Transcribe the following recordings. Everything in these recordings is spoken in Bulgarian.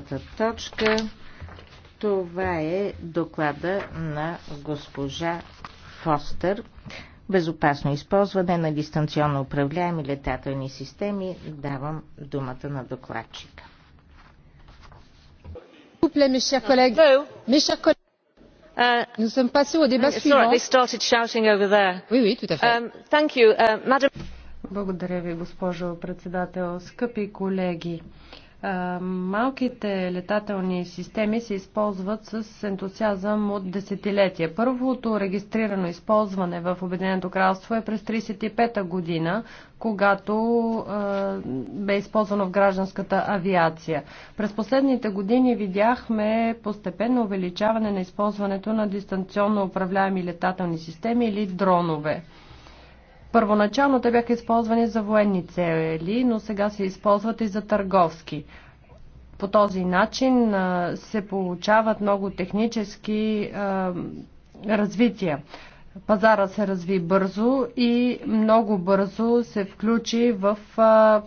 следващата точка. Това е доклада на госпожа Фостер. Безопасно използване на дистанционно управляеми летателни системи. Давам думата на докладчика. Uh, um, uh, Благодаря ви, госпожо председател. Скъпи колеги, Малките летателни системи се използват с ентусиазъм от десетилетия. Първото регистрирано използване в Обединеното кралство е през 1935-та година, когато е, бе използвано в гражданската авиация. През последните години видяхме постепенно увеличаване на използването на дистанционно управляеми летателни системи или дронове. Първоначално те бяха използвани за военни цели, но сега се използват и за търговски. По този начин се получават много технически развития. Пазара се разви бързо и много бързо се включи в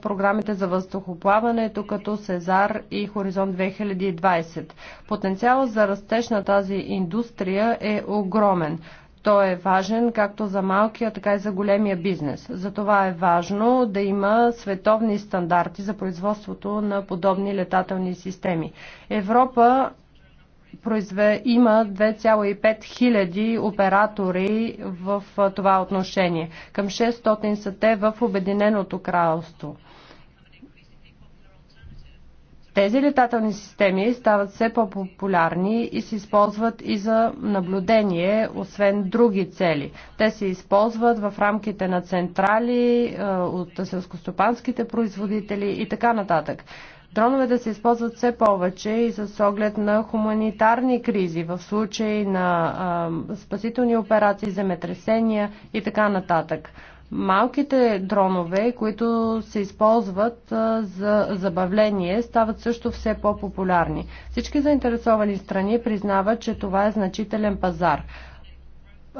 програмите за въздухоплаването като Сезар и Хоризонт 2020. Потенциалът за растеж на тази индустрия е огромен. Той е важен както за малкия, така и за големия бизнес. Затова е важно да има световни стандарти за производството на подобни летателни системи. Европа произве... има 2,5 хиляди оператори в това отношение. Към 600 са те в Обединеното кралство. Тези летателни системи стават все по-популярни и се използват и за наблюдение, освен други цели. Те се използват в рамките на централи, е, от селскостопанските производители и така нататък. Дроновете се използват все повече и с оглед на хуманитарни кризи, в случай на а, е, спасителни операции, земетресения и така нататък. Малките дронове, които се използват за забавление, стават също все по-популярни. Всички заинтересовани страни признават, че това е значителен пазар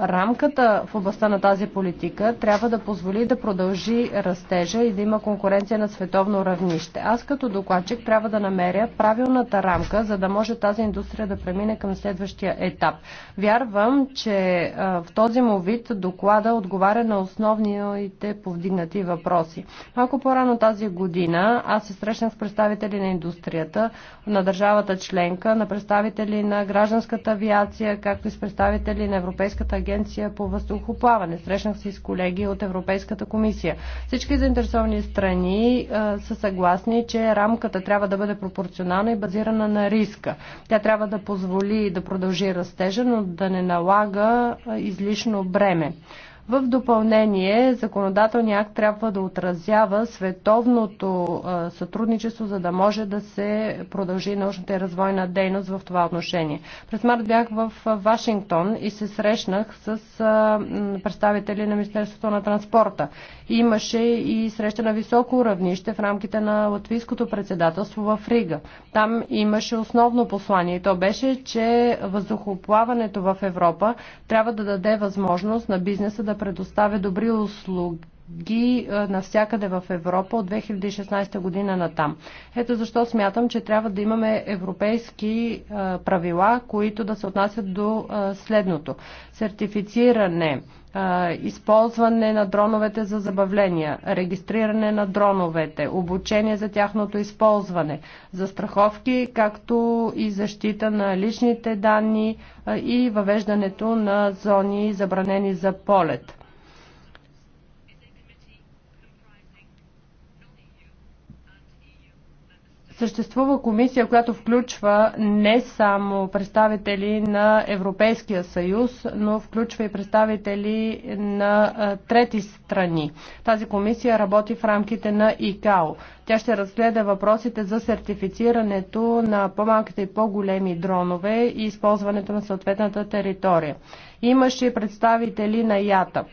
рамката в областта на тази политика трябва да позволи да продължи растежа и да има конкуренция на световно равнище. Аз като докладчик трябва да намеря правилната рамка, за да може тази индустрия да премине към следващия етап. Вярвам, че в този му вид доклада отговаря на основните повдигнати въпроси. Малко по-рано тази година аз се срещнах с представители на индустрията, на държавата членка, на представители на гражданската авиация, както и с представители на Европейската агенция по въздухоплаване. Срещнах се с колеги от Европейската комисия. Всички заинтересовани страни а, са съгласни, че рамката трябва да бъде пропорционална и базирана на риска. Тя трябва да позволи да продължи растежа, но да не налага излишно бреме. В допълнение, законодателният акт трябва да отразява световното сътрудничество, за да може да се продължи научната и развойна дейност в това отношение. През март бях в Вашингтон и се срещнах с представители на Министерството на транспорта. Имаше и среща на високо равнище в рамките на латвийското председателство в Рига. Там имаше основно послание и то беше, че въздухоплаването в Европа трябва да даде възможност на бизнеса да предоставя добри услуги навсякъде в Европа от 2016 година на там. Ето защо смятам, че трябва да имаме европейски правила, които да се отнасят до следното. Сертифициране използване на дроновете за забавления, регистриране на дроновете, обучение за тяхното използване, застраховки, както и защита на личните данни и въвеждането на зони забранени за полет. Съществува комисия, която включва не само представители на Европейския съюз, но включва и представители на трети страни. Тази комисия работи в рамките на ИКАО. Тя ще разгледа въпросите за сертифицирането на по-малките и по-големи дронове и използването на съответната територия. Имаше представители на ЯТА.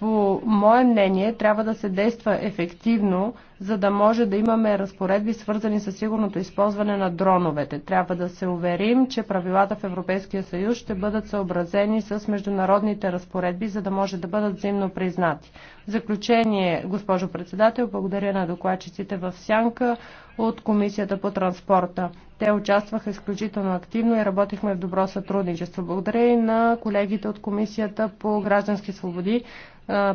По мое мнение, трябва да се действа ефективно, за да може да имаме разпоредби, свързани с сигурното използване на дроновете. Трябва да се уверим, че правилата в Европейския съюз ще бъдат съобразени с международните разпоредби, за да може да бъдат взаимно признати. В заключение, госпожо председател, благодаря на докладчиците в Сянка от Комисията по транспорта. Те участваха изключително активно и работихме в добро сътрудничество. Благодаря и на колегите от Комисията по граждански свободи,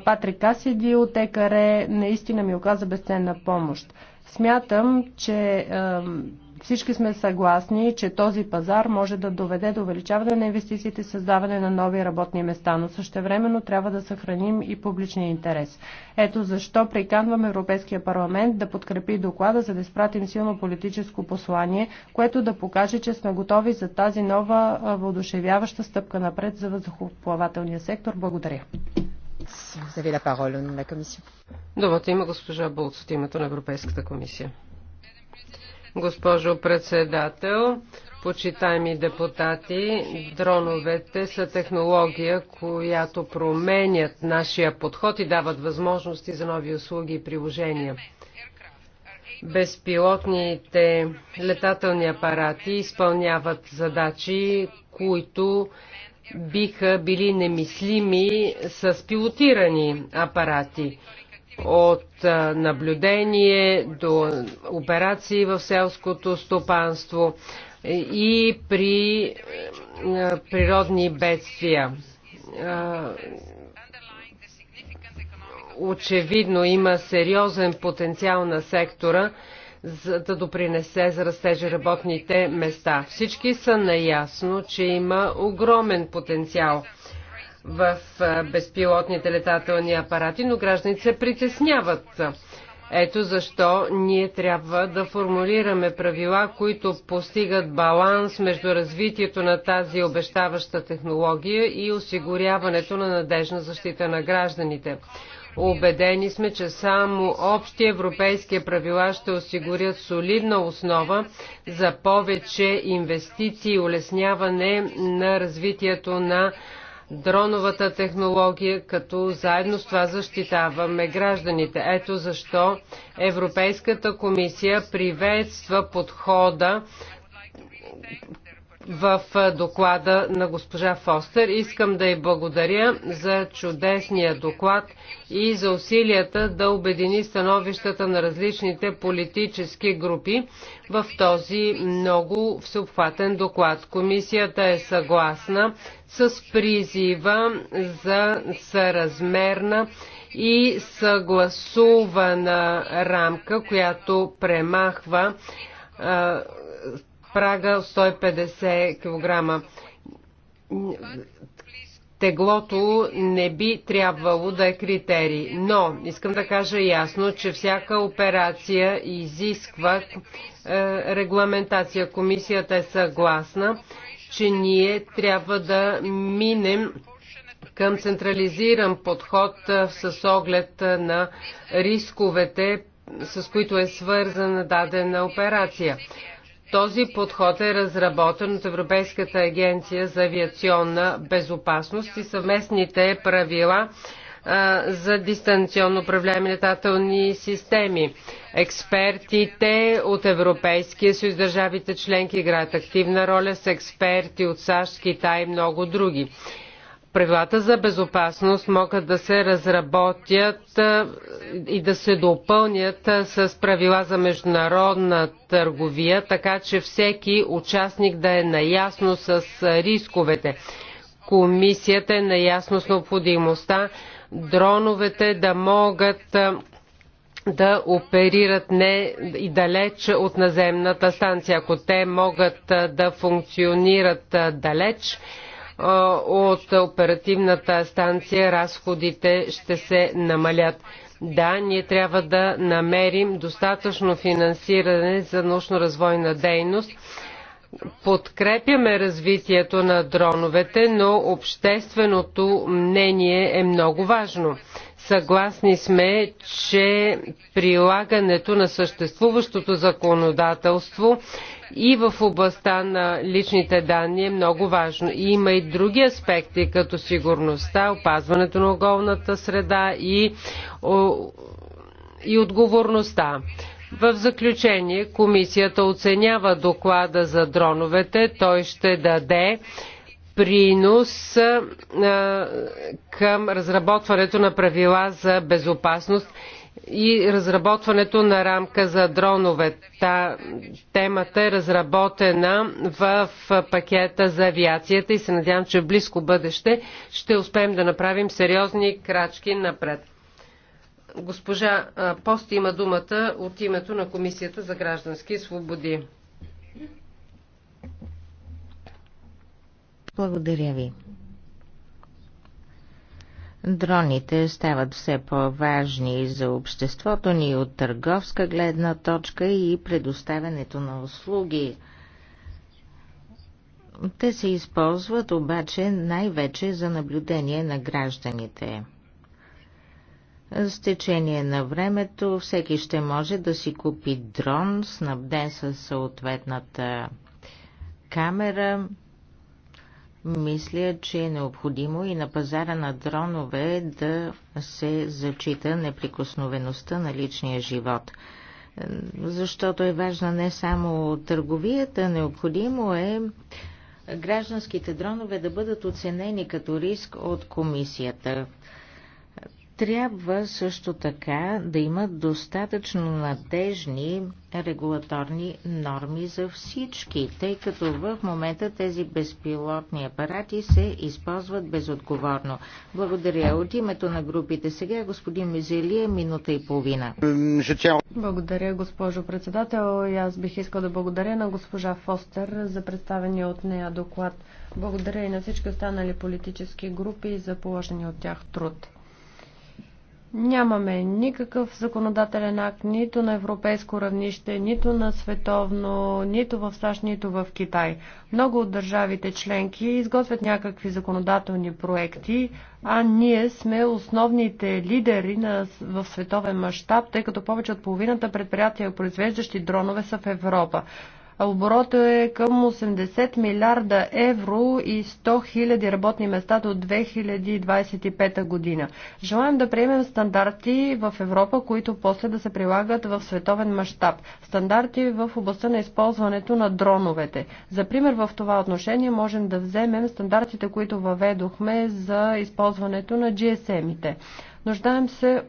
Патрик Касиди от ЕКАРЕ наистина ми оказа безценна помощ. Смятам, че всички сме съгласни, че този пазар може да доведе до увеличаване на инвестициите и създаване на нови работни места, но същевременно трябва да съхраним и публичния интерес. Ето защо приканвам Европейския парламент да подкрепи доклада, за да изпратим силно политическо послание, което да покаже, че сме готови за тази нова въодушевяваща стъпка напред за въздухоплавателния сектор. Благодаря. Vous avez la parole au nom de la Commission. Думата има госпожа Болц, от името на Европейската комисия. Госпожо председател, почитаеми депутати, дроновете са технология, която променят нашия подход и дават възможности за нови услуги и приложения. Безпилотните летателни апарати изпълняват задачи, които биха били немислими с пилотирани апарати. От наблюдение до операции в селското стопанство и при природни бедствия. Очевидно има сериозен потенциал на сектора за да допринесе за растежа работните места. Всички са наясно, че има огромен потенциал в безпилотните летателни апарати, но гражданите се притесняват. Ето защо ние трябва да формулираме правила, които постигат баланс между развитието на тази обещаваща технология и осигуряването на надежна защита на гражданите. Обедени сме, че само общи европейски правила ще осигурят солидна основа за повече инвестиции и улесняване на развитието на дроновата технология, като заедно с това защитаваме гражданите. Ето защо Европейската комисия приветства подхода в доклада на госпожа Фостер. Искам да й благодаря за чудесния доклад и за усилията да обедини становищата на различните политически групи в този много всеобхватен доклад. Комисията е съгласна с призива за съразмерна и съгласувана рамка, която премахва прага 150 кг. Теглото не би трябвало да е критерий, но искам да кажа ясно, че всяка операция изисква е, регламентация. Комисията е съгласна, че ние трябва да минем към централизиран подход е, с оглед е, на рисковете, с които е свързана дадена операция. Този подход е разработен от Европейската агенция за авиационна безопасност и съвместните правила за дистанционно управляеми летателни системи. Експертите от Европейския съюз, държавите членки играят активна роля с експерти от САЩ, Китай и много други. Правилата за безопасност могат да се разработят и да се допълнят с правила за международна търговия, така че всеки участник да е наясно с рисковете. Комисията е наясно с необходимостта дроновете да могат да оперират не и далеч от наземната станция. Ако те могат да функционират далеч, от оперативната станция разходите ще се намалят. Да, ние трябва да намерим достатъчно финансиране за научно-развойна дейност. Подкрепяме развитието на дроновете, но общественото мнение е много важно. Съгласни сме, че прилагането на съществуващото законодателство и в областта на личните данни е много важно. И има и други аспекти, като сигурността, опазването на околната среда и, и отговорността. В заключение, комисията оценява доклада за дроновете. Той ще даде принос към разработването на правила за безопасност и разработването на рамка за дронове. Та, темата е разработена в пакета за авиацията и се надявам, че в близко бъдеще ще успеем да направим сериозни крачки напред. Госпожа Пост има думата от името на Комисията за граждански свободи. Благодаря ви. Дроните стават все по-важни за обществото ни от търговска гледна точка и предоставянето на услуги. Те се използват обаче най-вече за наблюдение на гражданите. С течение на времето всеки ще може да си купи дрон, снабден със съответната камера, мисля, че е необходимо и на пазара на дронове да се зачита неприкосновеността на личния живот. Защото е важна не само търговията, необходимо е гражданските дронове да бъдат оценени като риск от комисията. Трябва също така да имат достатъчно надежни регулаторни норми за всички, тъй като в момента тези безпилотни апарати се използват безотговорно. Благодаря. От името на групите сега господин Мизелия, минута и половина. Благодаря, госпожо председател. И аз бих искал да благодаря на госпожа Фостер за представения от нея доклад. Благодаря и на всички останали политически групи за положения от тях труд. Нямаме никакъв законодателен акт нито на европейско равнище, нито на световно, нито в САЩ, нито в Китай. Много от държавите членки изготвят някакви законодателни проекти, а ние сме основните лидери на, в световен мащаб, тъй като повече от половината предприятия, произвеждащи дронове, са в Европа. Оборота е към 80 милиарда евро и 100 хиляди работни места до 2025 година. Желаем да приемем стандарти в Европа, които после да се прилагат в световен мащаб. Стандарти в областта на използването на дроновете. За пример в това отношение можем да вземем стандартите, които въведохме за използването на GSM-ите. Нуждаем се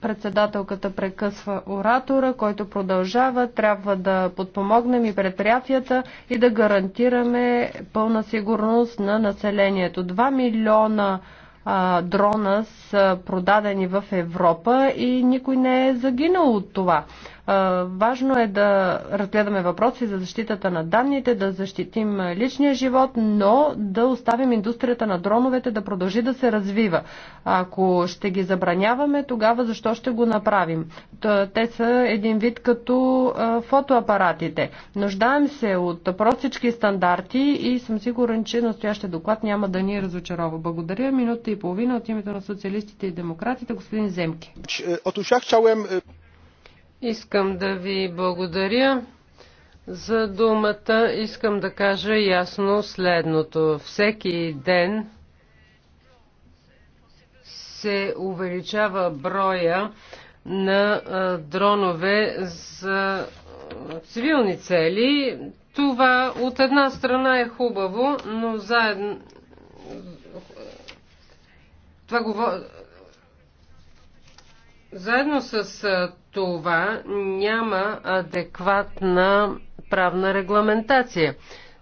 Председателката прекъсва оратора, който продължава. Трябва да подпомогнем и предприятията и да гарантираме пълна сигурност на населението. 2 милиона а, дрона са продадени в Европа и никой не е загинал от това. Важно е да разгледаме въпроси за защитата на данните, да защитим личния живот, но да оставим индустрията на дроновете да продължи да се развива. Ако ще ги забраняваме, тогава защо ще го направим? Те са един вид като фотоапаратите. Нуждаем се от простички стандарти и съм сигурен, че настоящия доклад няма да ни разочарова. Благодаря. Минута и половина от името на социалистите и демократите, господин Земки. Otóż е, ja Искам да ви благодаря за думата. Искам да кажа ясно следното. Всеки ден се увеличава броя на дронове за цивилни цели. Това от една страна е хубаво, но заедно. Това говор... Заедно с това няма адекватна правна регламентация.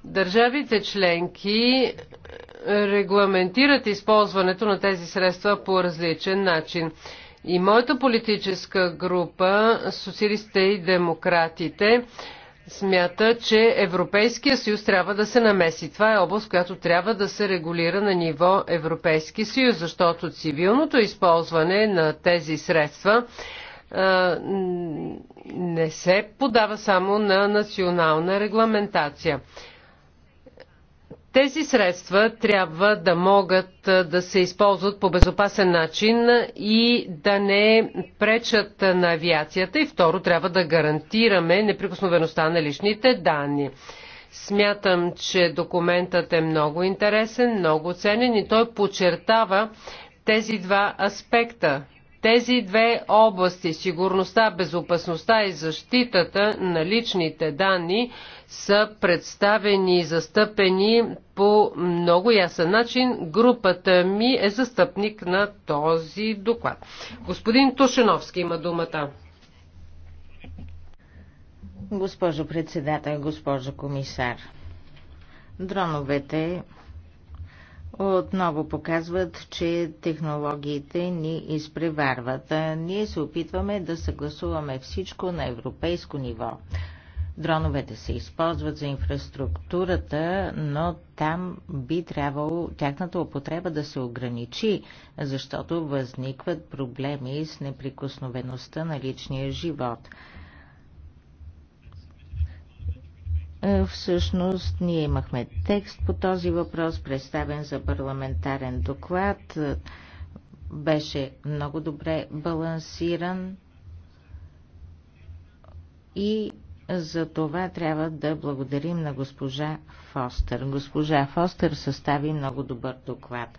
Държавите членки регламентират използването на тези средства по различен начин. И моята политическа група, социалистите и демократите, смята, че Европейския съюз трябва да се намеси. Това е област, която трябва да се регулира на ниво Европейски съюз, защото цивилното използване на тези средства не се подава само на национална регламентация. Тези средства трябва да могат да се използват по безопасен начин и да не пречат на авиацията. И второ, трябва да гарантираме неприкосновеността на личните данни. Смятам, че документът е много интересен, много ценен и той подчертава тези два аспекта тези две области сигурността, безопасността и защитата на личните данни са представени и застъпени по много ясен начин. Групата ми е застъпник на този доклад. Господин Тушеновски има думата. Госпожо председател, госпожо комисар, дроновете отново показват, че технологиите ни изпреварват. А ние се опитваме да съгласуваме всичко на европейско ниво. Дроновете се използват за инфраструктурата, но там би трябвало тяхната употреба да се ограничи, защото възникват проблеми с неприкосновеността на личния живот. Е, всъщност ние имахме текст по този въпрос, представен за парламентарен доклад. Е, беше много добре балансиран и за това трябва да благодарим на госпожа Фостер. Госпожа Фостер състави много добър доклад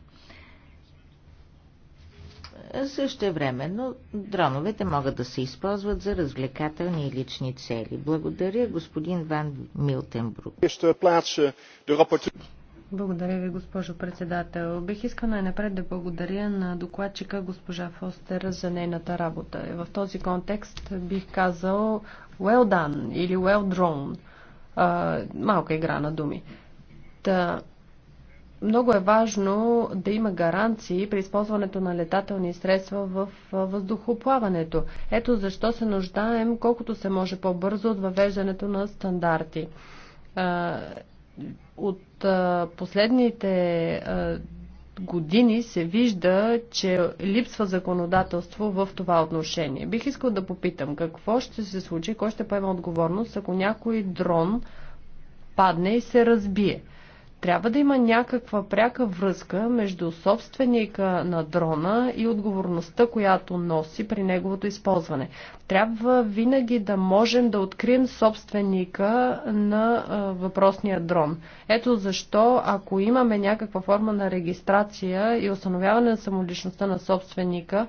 но дроновете могат да се използват за развлекателни и лични цели. Благодаря, господин Ван Милтенбрук. Благодаря ви, госпожо председател. Бих искал най-напред да благодаря на докладчика госпожа Фостер за нейната работа. В този контекст бих казал well done или well drawn. малка игра на думи. Та, много е важно да има гаранции при използването на летателни средства в въздухоплаването. Ето защо се нуждаем колкото се може по-бързо от въвеждането на стандарти. От последните години се вижда, че липсва законодателство в това отношение. Бих искал да попитам какво ще се случи, кой ще поема отговорност, ако някой дрон падне и се разбие. Трябва да има някаква пряка връзка между собственика на дрона и отговорността, която носи при неговото използване. Трябва винаги да можем да открием собственика на а, въпросния дрон. Ето защо, ако имаме някаква форма на регистрация и установяване на самоличността на собственика,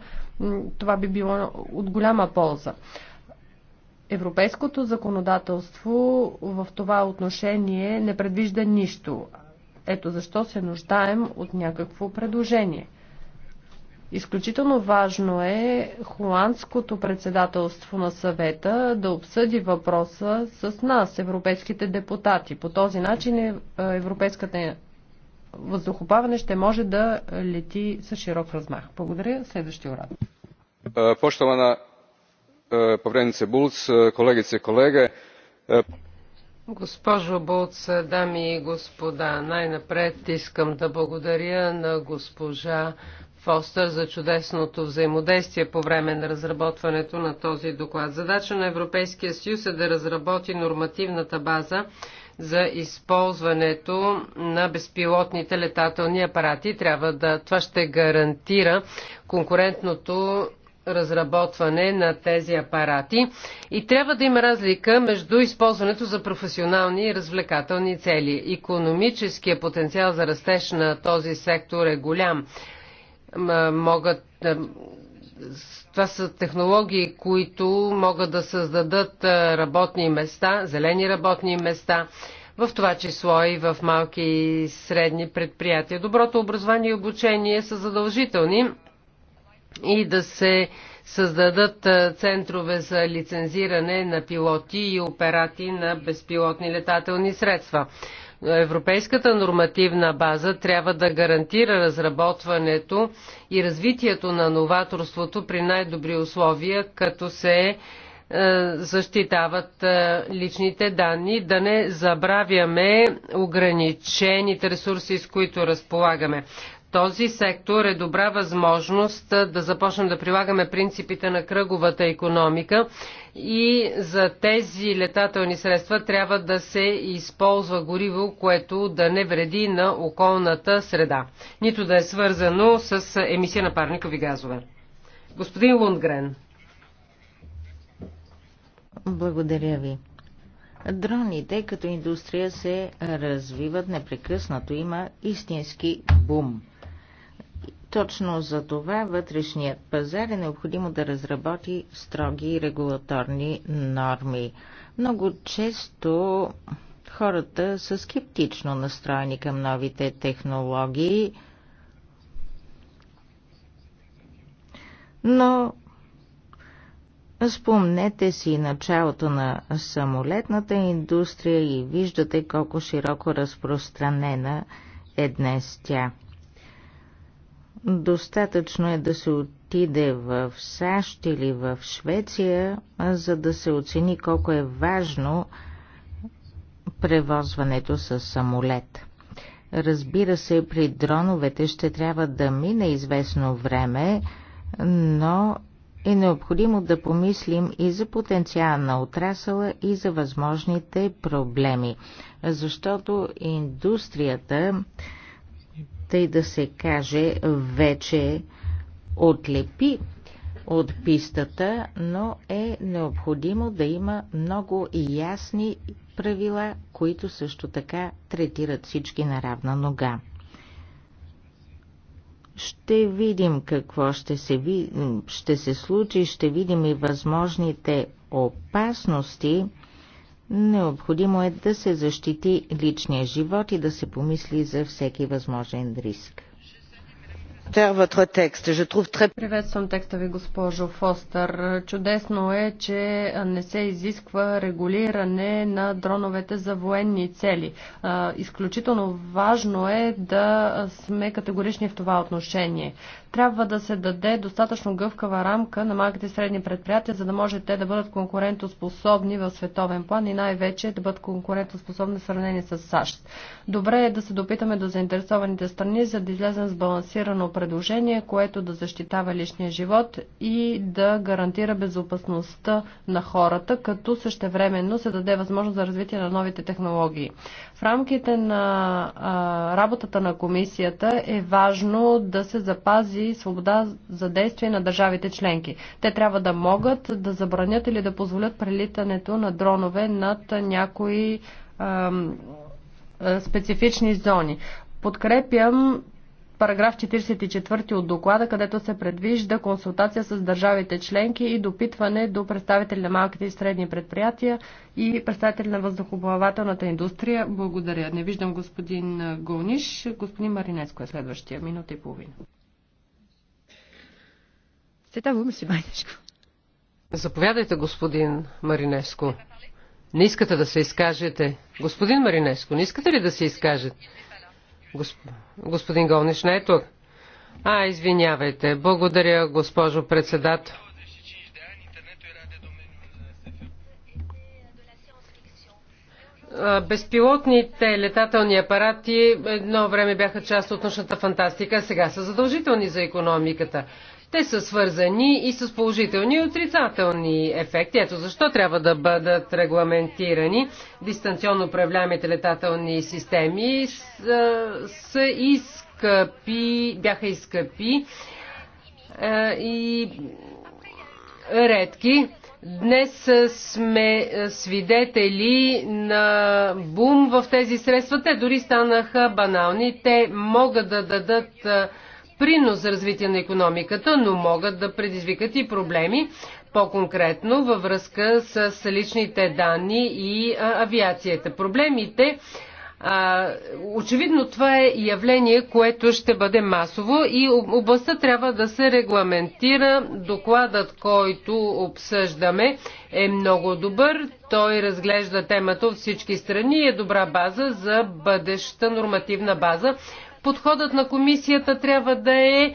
това би било от голяма полза. Европейското законодателство в това отношение не предвижда нищо. Ето защо се нуждаем от някакво предложение. Изключително важно е холандското председателство на съвета да обсъди въпроса с нас, европейските депутати. По този начин е, е, европейската въздухоплаване ще може да лети с широк размах. Благодаря. Следващия урад. Poštovana povrednice Bulc, kolegice i kolege. Госпожо Болца, дами и господа, най-напред искам да благодаря на госпожа Фостър за чудесното взаимодействие по време на разработването на този доклад. Задача на Европейския съюз е да разработи нормативната база за използването на безпилотните летателни апарати. Трябва да, това ще гарантира конкурентното разработване на тези апарати и трябва да има разлика между използването за професионални и развлекателни цели. Економическия потенциал за растеж на този сектор е голям. Могат това са технологии, които могат да създадат работни места, зелени работни места, в това число и в малки и средни предприятия. Доброто образование и обучение са задължителни и да се създадат центрове за лицензиране на пилоти и операти на безпилотни летателни средства. Европейската нормативна база трябва да гарантира разработването и развитието на новаторството при най-добри условия, като се е, защитават е, личните данни. Да не забравяме ограничените ресурси, с които разполагаме. Този сектор е добра възможност да започнем да прилагаме принципите на кръговата економика и за тези летателни средства трябва да се използва гориво, което да не вреди на околната среда, нито да е свързано с емисия на парникови газове. Господин Лундгрен. Благодаря ви. Дроните като индустрия се развиват непрекъснато. Има истински бум. Точно за това вътрешният пазар е необходимо да разработи строги регулаторни норми. Много често хората са скептично настроени към новите технологии, но Спомнете си началото на самолетната индустрия и виждате колко широко разпространена е днес тя. Достатъчно е да се отиде в САЩ или в Швеция, за да се оцени колко е важно превозването с самолет. Разбира се, при дроновете ще трябва да мине известно време, но е необходимо да помислим и за потенциална на отрасъла и за възможните проблеми, защото индустрията тъй да се каже, вече отлепи от пистата, но е необходимо да има много ясни правила, които също така третират всички на равна нога. Ще видим какво ще се, ви... ще се случи, ще видим и възможните опасности, Необходимо е да се защити личния живот и да се помисли за всеки възможен риск. Приветствам текста ви, госпожо Фостър. Чудесно е, че не се изисква регулиране на дроновете за военни цели. Изключително важно е да сме категорични в това отношение трябва да се даде достатъчно гъвкава рамка на малките и средни предприятия, за да може те да бъдат конкурентоспособни в световен план и най-вече да бъдат конкурентоспособни в сравнение с САЩ. Добре е да се допитаме до заинтересованите страни, за да излезем с балансирано предложение, което да защитава личния живот и да гарантира безопасността на хората, като същевременно се даде възможност за развитие на новите технологии. В рамките на а, работата на комисията е важно да се запази свобода за действие на държавите членки. Те трябва да могат да забранят или да позволят прелитането на дронове над някои а, специфични зони. Подкрепям параграф 44 от доклада, където се предвижда консултация с държавите членки и допитване до представители на малките и средни предприятия и представители на въздухоплавателната индустрия. Благодаря. Не виждам господин Голниш. Господин Маринецко е следващия. Минута и половина. Заповядайте, господин Маринеско. Не искате да се изкажете. Господин Маринеско, не искате ли да се изкажете? Госп... Господин Голниш не е тук. А, извинявайте. Благодаря, госпожо председател. Безпилотните летателни апарати едно време бяха част от нощната фантастика, сега са задължителни за економиката. Те са свързани и с положителни и отрицателни ефекти. Ето защо трябва да бъдат регламентирани дистанционно управляемите летателни системи са, са изкъпи, бяха изкъпи е, и редки. Днес сме свидетели на бум в тези средства. Те дори станаха банални. Те могат да дадат принос за развитие на економиката, но могат да предизвикат и проблеми, по-конкретно във връзка с личните данни и авиацията. Проблемите а, очевидно това е явление, което ще бъде масово и областта трябва да се регламентира. Докладът, който обсъждаме е много добър. Той разглежда темата от всички страни и е добра база за бъдеща нормативна база подходът на комисията трябва да е, е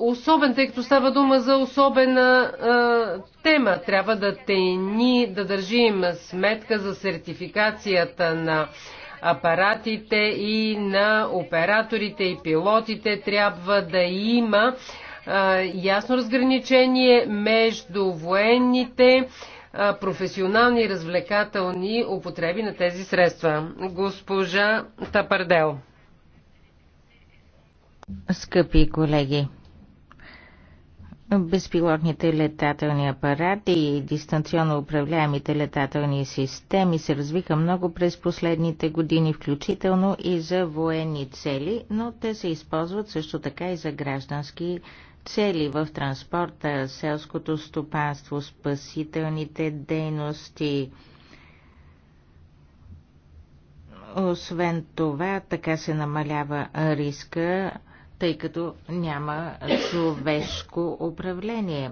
особен, тъй като става дума за особена а, е, тема. Трябва да ни да държим сметка за сертификацията на апаратите и на операторите и пилотите. Трябва да има а, е, ясно разграничение между военните а, професионални развлекателни употреби на тези средства. Госпожа Тапардел. Скъпи колеги, безпилотните летателни апарати и дистанционно управляемите летателни системи се развиха много през последните години, включително и за военни цели, но те се използват също така и за граждански цели в транспорта, селското стопанство, спасителните дейности. Освен това, така се намалява риска тъй като няма човешко управление.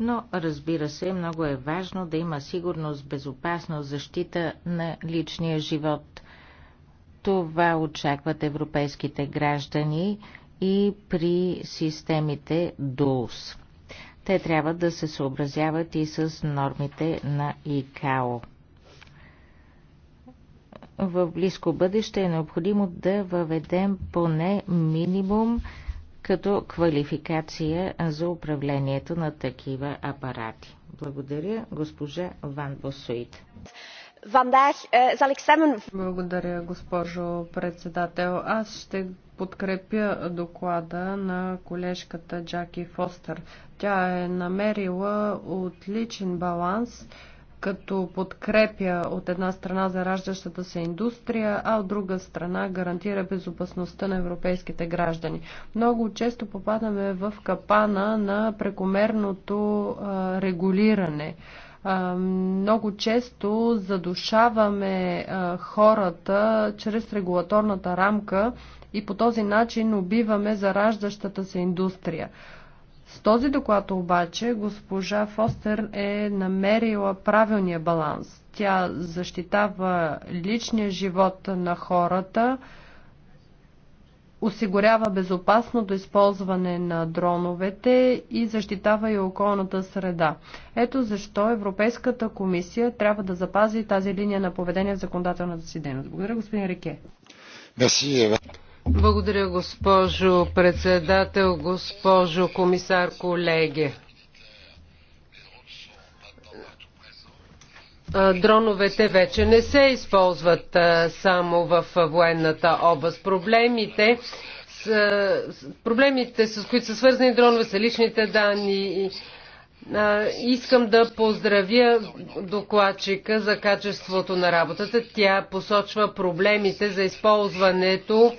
Но, разбира се, много е важно да има сигурност, безопасност, защита на личния живот. Това очакват европейските граждани и при системите ДУС. Те трябва да се съобразяват и с нормите на ИКАО в близко бъдеще е необходимо да въведем поне минимум като квалификация за управлението на такива апарати. Благодаря, госпожа Ван Босуит. Е, Благодаря, госпожо председател. Аз ще подкрепя доклада на колежката Джаки Фостер. Тя е намерила отличен баланс като подкрепя от една страна зараждащата се индустрия, а от друга страна гарантира безопасността на европейските граждани. Много често попадаме в капана на прекомерното регулиране много често задушаваме хората чрез регулаторната рамка и по този начин убиваме зараждащата се индустрия. С този доклад обаче госпожа Фостер е намерила правилния баланс. Тя защитава личния живот на хората, осигурява безопасното използване на дроновете и защитава и околната среда. Ето защо Европейската комисия трябва да запази тази линия на поведение в законодателната си дейност. Благодаря, господин Рике. Благодаря, госпожо председател, госпожо комисар, колеги. Дроновете вече не се използват само в военната област. Проблемите с, проблемите, с които са свързани дронове, са личните данни. Искам да поздравя докладчика за качеството на работата. Тя посочва проблемите за използването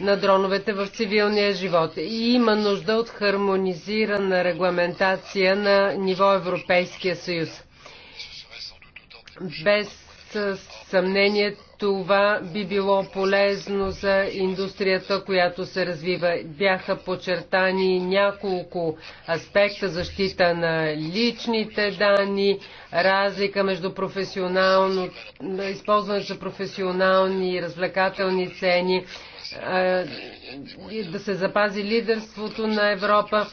на дроновете в цивилния живот. И има нужда от хармонизирана регламентация на ниво Европейския съюз. Без съмнение това би било полезно за индустрията, която се развива. Бяха подчертани няколко аспекта защита на личните данни, разлика между професионално, използването за професионални и развлекателни цени, да се запази лидерството на Европа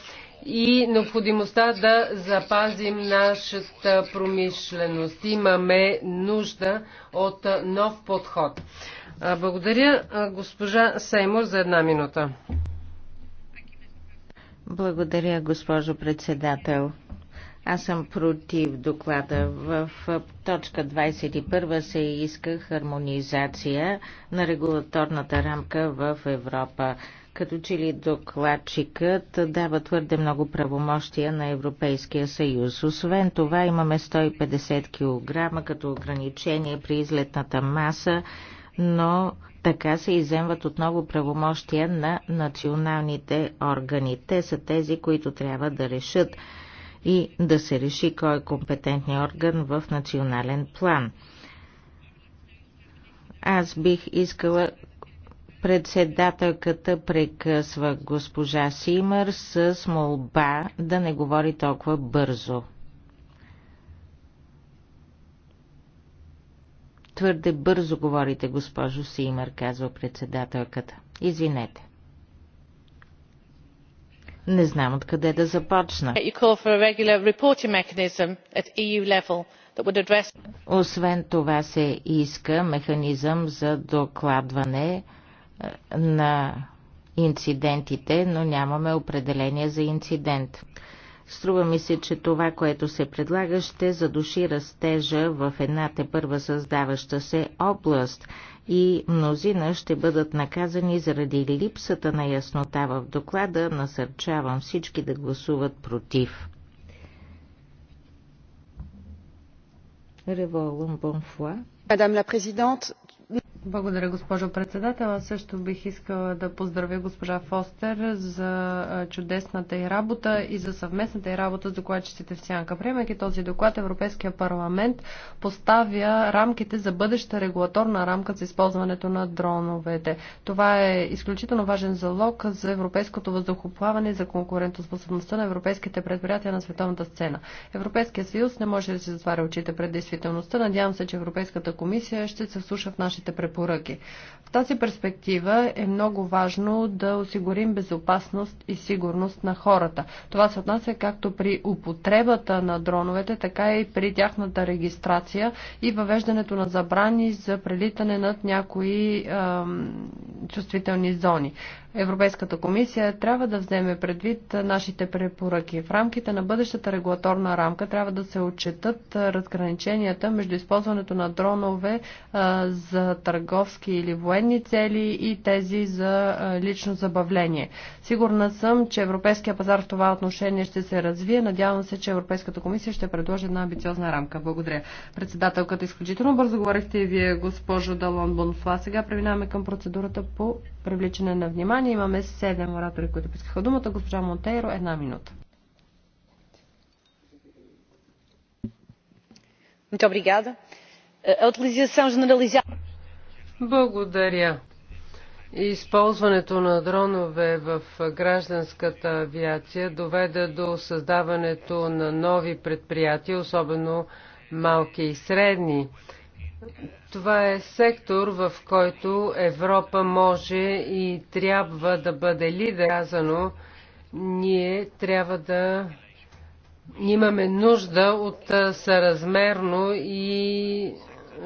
и необходимостта да запазим нашата промишленост. Имаме нужда от нов подход. Благодаря госпожа Сеймур за една минута. Благодаря, госпожо председател. Аз съм против доклада. В точка 21 се иска хармонизация на регулаторната рамка в Европа. Като че ли докладчикът дава твърде много правомощия на Европейския съюз. Освен това имаме 150 кг като ограничение при излетната маса, но така се иземват отново правомощия на националните органи. Те са тези, които трябва да решат и да се реши кой е компетентният орган в национален план. Аз бих искала Председателката прекъсва госпожа Симър с молба да не говори толкова бързо. Твърде бързо говорите, госпожо Симър, казва председателката. Извинете. Не знам откъде да започна. E Освен това се иска механизъм за докладване на инцидентите, но нямаме определение за инцидент. Струва ми се, че това, което се предлага, ще задуши растежа в една те първа създаваща се област и мнозина ще бъдат наказани заради липсата на яснота в доклада. Насърчавам всички да гласуват против. Револум Бонфуа. Мадам ла президент, благодаря, госпожо председател. Аз също бих искала да поздравя госпожа Фостер за чудесната й работа и за съвместната й работа с докладчиците в Сянка. Приемайки този доклад, Европейския парламент поставя рамките за бъдеща регулаторна рамка за използването на дроновете. Това е изключително важен залог за европейското въздухоплаване и за конкурентоспособността на европейските предприятия на световната сцена. Европейския съюз не може да се затваря очите пред действителността. Надявам се, че Европейската комисия ще се вслуша в нашите препоръки препоръки. В тази перспектива е много важно да осигурим безопасност и сигурност на хората. Това се отнася както при употребата на дроновете, така и при тяхната регистрация и въвеждането на забрани за прелитане над някои чувствителни зони. Европейската комисия трябва да вземе предвид нашите препоръки. В рамките на бъдещата регулаторна рамка трябва да се отчетат разграниченията между използването на дронове за търговски или военни цели и тези за лично забавление. Сигурна съм, че европейския пазар в това отношение ще се развие. Надявам се, че Европейската комисия ще предложи една амбициозна рамка. Благодаря. Председателката, изключително бързо говорихте и вие, госпожо Далон Бонфла. Сега преминаваме към процедурата по привличане на внимание. Имаме 7 оратори, които поискаха думата. Госпожа Монтейро, една минута. Благодаря. Използването на дронове в гражданската авиация доведе до създаването на нови предприятия, особено малки и средни. Това е сектор, в който Европа може и трябва да бъде лидер. Казано, ние трябва да имаме нужда от съразмерно и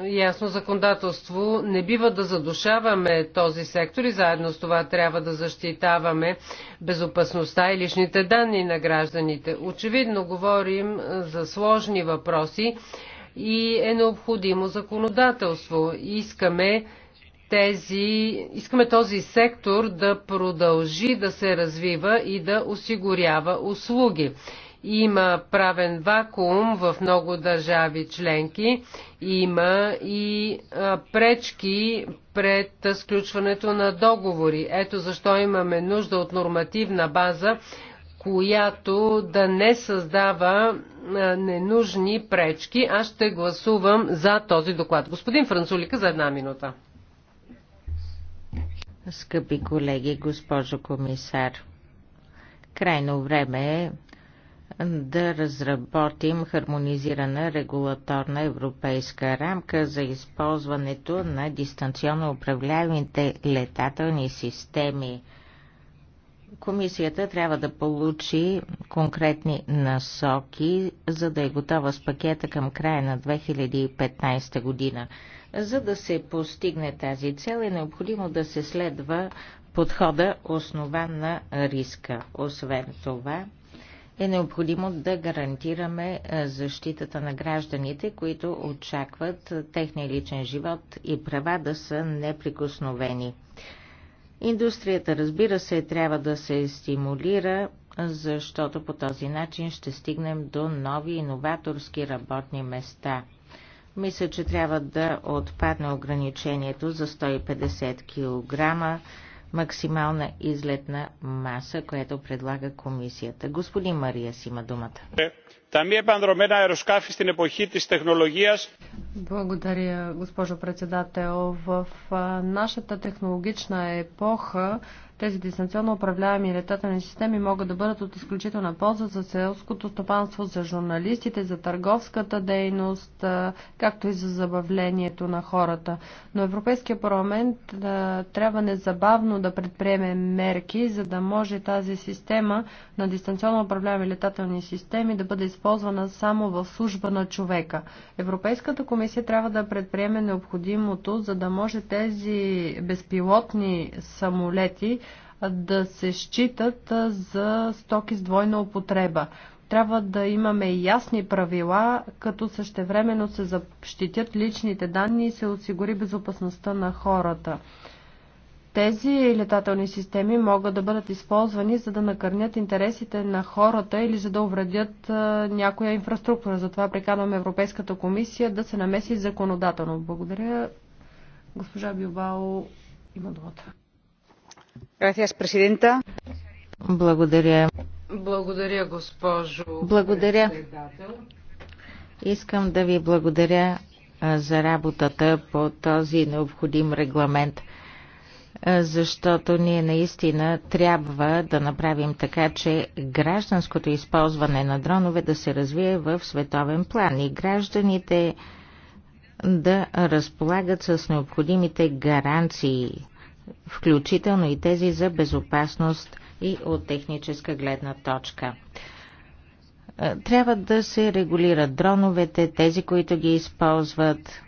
ясно законодателство. Не бива да задушаваме този сектор и заедно с това трябва да защитаваме безопасността и личните данни на гражданите. Очевидно говорим за сложни въпроси и е необходимо законодателство. Искаме тези, искаме този сектор да продължи да се развива и да осигурява услуги. Има правен вакуум в много държави членки, има и пречки пред сключването на договори. Ето защо имаме нужда от нормативна база, която да не създава ненужни пречки. Аз ще гласувам за този доклад. Господин Францулика, за една минута. Скъпи колеги, госпожо комисар, крайно време е да разработим хармонизирана регулаторна европейска рамка за използването на дистанционно управляемите летателни системи – Комисията трябва да получи конкретни насоки, за да е готова с пакета към края на 2015 година. За да се постигне тази цел е необходимо да се следва подхода основан на риска. Освен това, е необходимо да гарантираме е, защитата на гражданите, които очакват е, техния личен живот и права да са неприкосновени. Индустрията, разбира се, трябва да се стимулира, защото по този начин ще стигнем до нови иноваторски работни места. Мисля, че трябва да отпадне ограничението за 150 кг максимална излетна маса, която предлага комисията. Господин Мария си има думата. Е, τα μη επανδρομένα αεροσκάφη στην εποχή της τεχνολογίας. Благодаря, госпожо председател. В нашата технологична епоха тези дистанционно управляеми летателни системи могат да бъдат от изключителна полза за селското стопанство, за журналистите, за търговската дейност, както и за забавлението на хората. Но Европейския парламент трябва незабавно да предприеме мерки, за да може тази система на дистанционно управляеми летателни системи да бъде използвана само в служба на човека. Европейската комисия трябва да предприеме необходимото, за да може тези безпилотни самолети да се считат за стоки с двойна употреба. Трябва да имаме ясни правила, като същевременно се защитят личните данни и се осигури безопасността на хората. Тези летателни системи могат да бъдат използвани, за да накърнят интересите на хората или за да увредят някоя инфраструктура. Затова приканваме Европейската комисия да се намеси законодателно. Благодаря. Госпожа Билбао има думата. Благодаря. Искам да ви благодаря за работата по този необходим регламент, защото ние наистина трябва да направим така, че гражданското използване на дронове да се развие в световен план и гражданите да разполагат с необходимите гаранции включително и тези за безопасност и от техническа гледна точка. Е, трябва да се регулират дроновете, тези, които ги използват,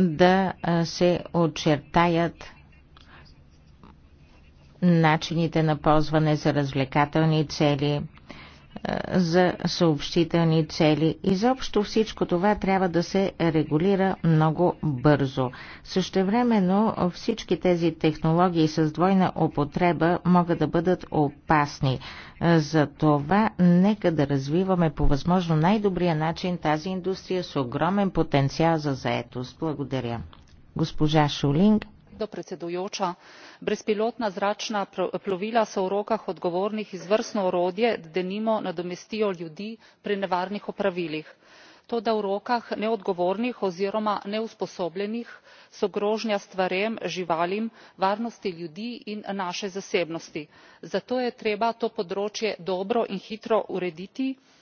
да е, се очертаят начините на ползване за развлекателни цели – е, за съобщителни цели. Изобщо всичко това трябва да се регулира много бързо. Същевременно всички тези технологии с двойна употреба могат да бъдат опасни. Е, за това нека да развиваме по възможно най-добрия начин тази индустрия с огромен потенциал за заетост. Благодаря. Госпожа Шулинг brezpilotna zračna plovila so v rokah odgovornih izvrstno orodje da denimo nadomestijo ljudi pri nevarnih opravilih toda v rokah neodgovornih oziroma neusposobljenih so grožnja stvarem živalim varnosti ljudi in naše zasebnosti zato je treba to področje dobro in hitro urediti in to brez zamud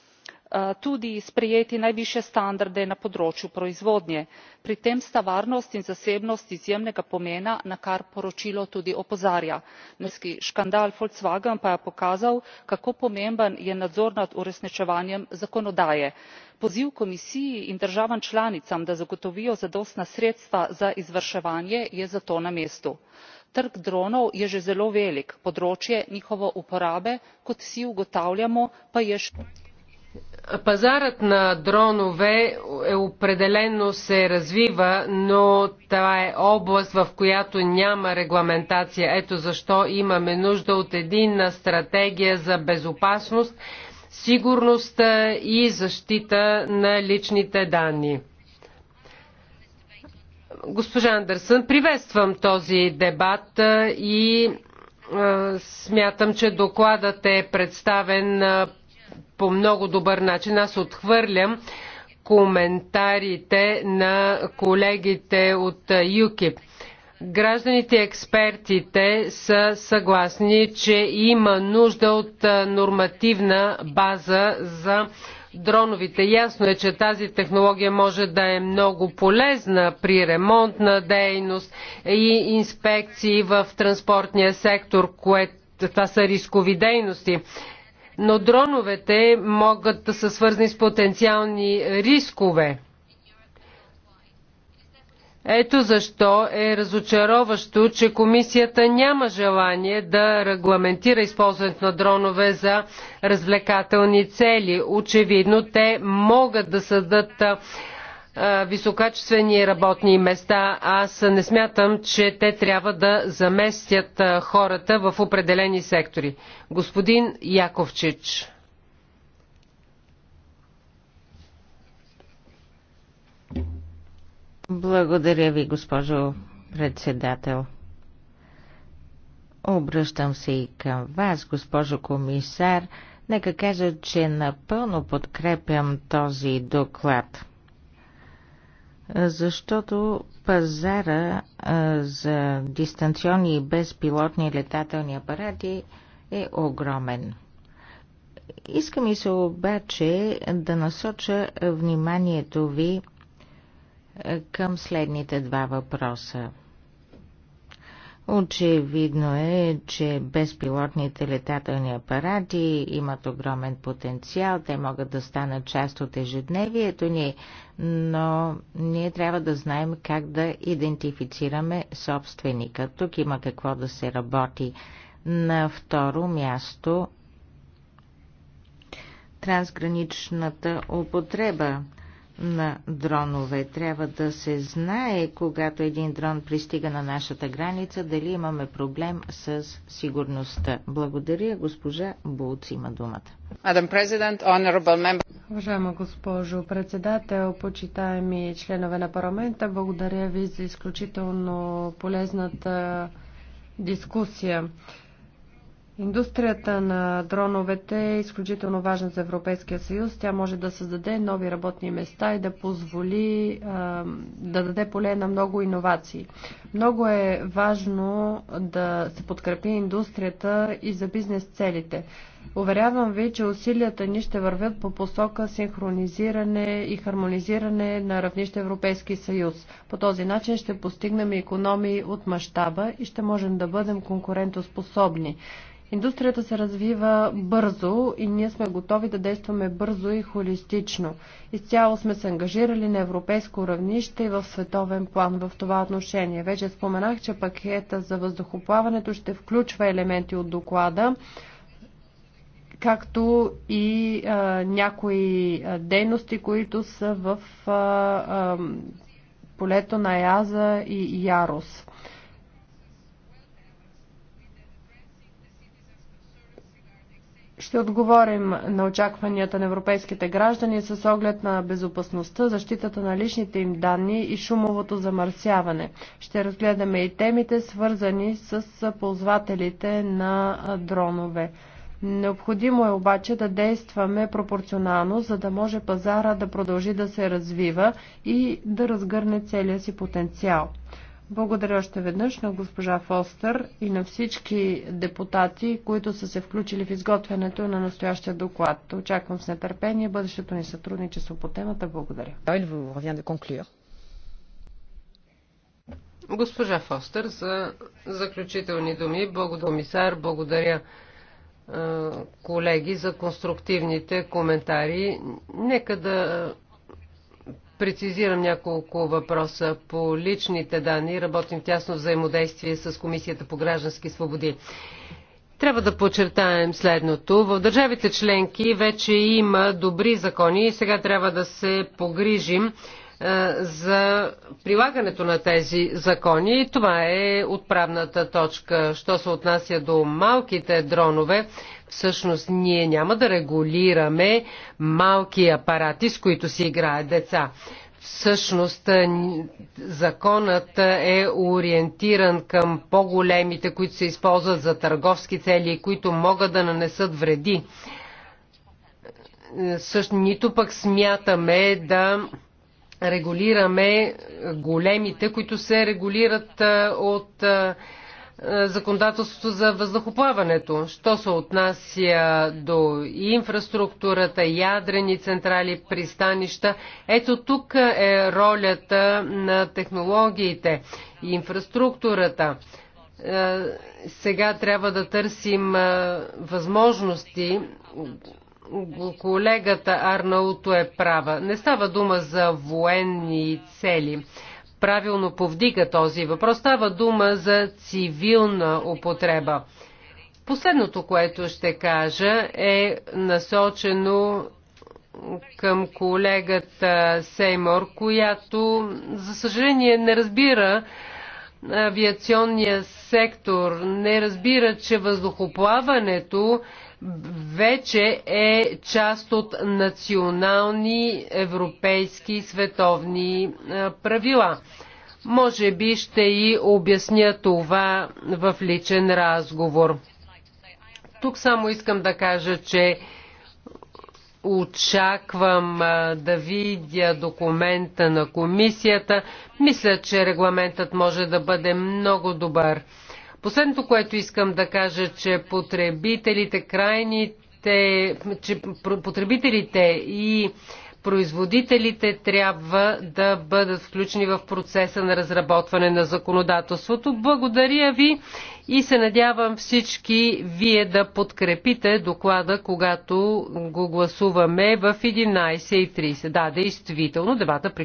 tudi sprejeti najvišje standarde na področju proizvodnje pri tem sta varnost in zasebnost izjemnega pomena na kar poročilo tudi opozarja. nesrečni škandal volkswagen pa je pokazal kako pomemben je nadzor nad uresničevanjem zakonodaje. poziv komisiji in državam članicam da zagotovijo zadostna sredstva za izvrševanje je zato na mestu. trg dronov je že zelo velik področje njihove uporabe kot vsi ugotavljamo pa je še Пазарът на дронове е определено се развива, но това е област, в която няма регламентация. Ето защо имаме нужда от единна стратегия за безопасност, сигурност и защита на личните данни. Госпожа Андерсън, приветствам този дебат и смятам, че докладът е представен по много добър начин. Аз отхвърлям коментарите на колегите от ЮКИП. Гражданите и експертите са съгласни, че има нужда от нормативна база за дроновите. Ясно е, че тази технология може да е много полезна при ремонтна дейност и инспекции в транспортния сектор, което това са рискови дейности но дроновете могат да са свързани с потенциални рискове. Ето защо е разочароващо, че комисията няма желание да регламентира използването на дронове за развлекателни цели. Очевидно, те могат да съдат висококачествени работни места. Аз не смятам, че те трябва да заместят хората в определени сектори. Господин Яковчич. Благодаря ви, госпожо председател. Обръщам се и към вас, госпожо комисар. Нека кажа, че напълно подкрепям този доклад защото пазара за дистанционни и безпилотни летателни апарати е огромен. Иска ми се обаче да насоча вниманието ви към следните два въпроса – Очевидно е, че безпилотните летателни апарати имат огромен потенциал, те могат да станат част от ежедневието ни, но ние трябва да знаем как да идентифицираме собственика. Тук има какво да се работи. На второ място трансграничната употреба на дронове. Трябва да се знае, когато един дрон пристига на нашата граница, дали имаме проблем с сигурността. Благодаря, госпожа Булц има думата. Уважаема госпожо председател, почитаеми членове на парламента, благодаря ви за изключително полезната дискусия. Индустрията на дроновете е изключително важна за Европейския съюз. Тя може да създаде нови работни места и да позволи да даде поле на много иновации. Много е важно да се подкрепи индустрията и за бизнес целите. Уверявам ви, че усилията ни ще вървят по посока синхронизиране и хармонизиране на равнище Европейски съюз. По този начин ще постигнем економии от мащаба и ще можем да бъдем конкурентоспособни. Индустрията се развива бързо и ние сме готови да действаме бързо и холистично. Изцяло сме се ангажирали на европейско равнище и в световен план в това отношение. Вече споменах, че пакета за въздухоплаването ще включва елементи от доклада, както и а, някои а, дейности, които са в а, а, полето на Яза и Ярус. Ще отговорим на очакванията на европейските граждани с оглед на безопасността, защитата на личните им данни и шумовото замърсяване. Ще разгледаме и темите, свързани с ползвателите на дронове. Необходимо е обаче да действаме пропорционално, за да може пазара да продължи да се развива и да разгърне целия си потенциал. Благодаря още веднъж на госпожа Фостър и на всички депутати, които са се включили в изготвянето на настоящия доклад. Очаквам с нетърпение бъдещето ни сътрудничество по темата. Благодаря. Госпожа Фостер, за заключителни думи, благодаря, благодаря колеги за конструктивните коментари. Нека да прецизирам няколко въпроса по личните данни. Работим тясно взаимодействие с Комисията по граждански свободи. Трябва да подчертаем следното. В държавите членки вече има добри закони и сега трябва да се погрижим за прилагането на тези закони. Това е отправната точка. Що се отнася до малките дронове, Всъщност ние няма да регулираме малки апарати, с които си играят деца. Всъщност е, законът е ориентиран към по-големите, които се използват за търговски цели и които могат да нанесат вреди. Е, Също нито пък смятаме да регулираме големите, които се регулират е, от е, законодателството за въздухоплаването. Що се отнася до инфраструктурата, ядрени централи, пристанища, ето тук е ролята на технологиите и инфраструктурата. Е, сега трябва да търсим е, възможности. Колегата Арнауто е права. Не става дума за военни цели правилно повдига този въпрос. Става дума за цивилна употреба. Последното, което ще кажа, е насочено към колегата Сеймор, която, за съжаление, не разбира авиационния сектор, не разбира, че въздухоплаването вече е част от национални, европейски и световни е, правила. Може би ще и обясня това в личен разговор. Тук само искам да кажа, че очаквам е, да видя документа на комисията. Мисля, че регламентът може да бъде много добър. Последното, което искам да кажа, че потребителите, крайните, че потребителите и производителите трябва да бъдат включени в процеса на разработване на законодателството. Благодаря ви и се надявам всички вие да подкрепите доклада, когато го гласуваме в 11.30. Да, действително, дебата при